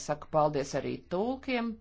Saku paldies arī tulkiem.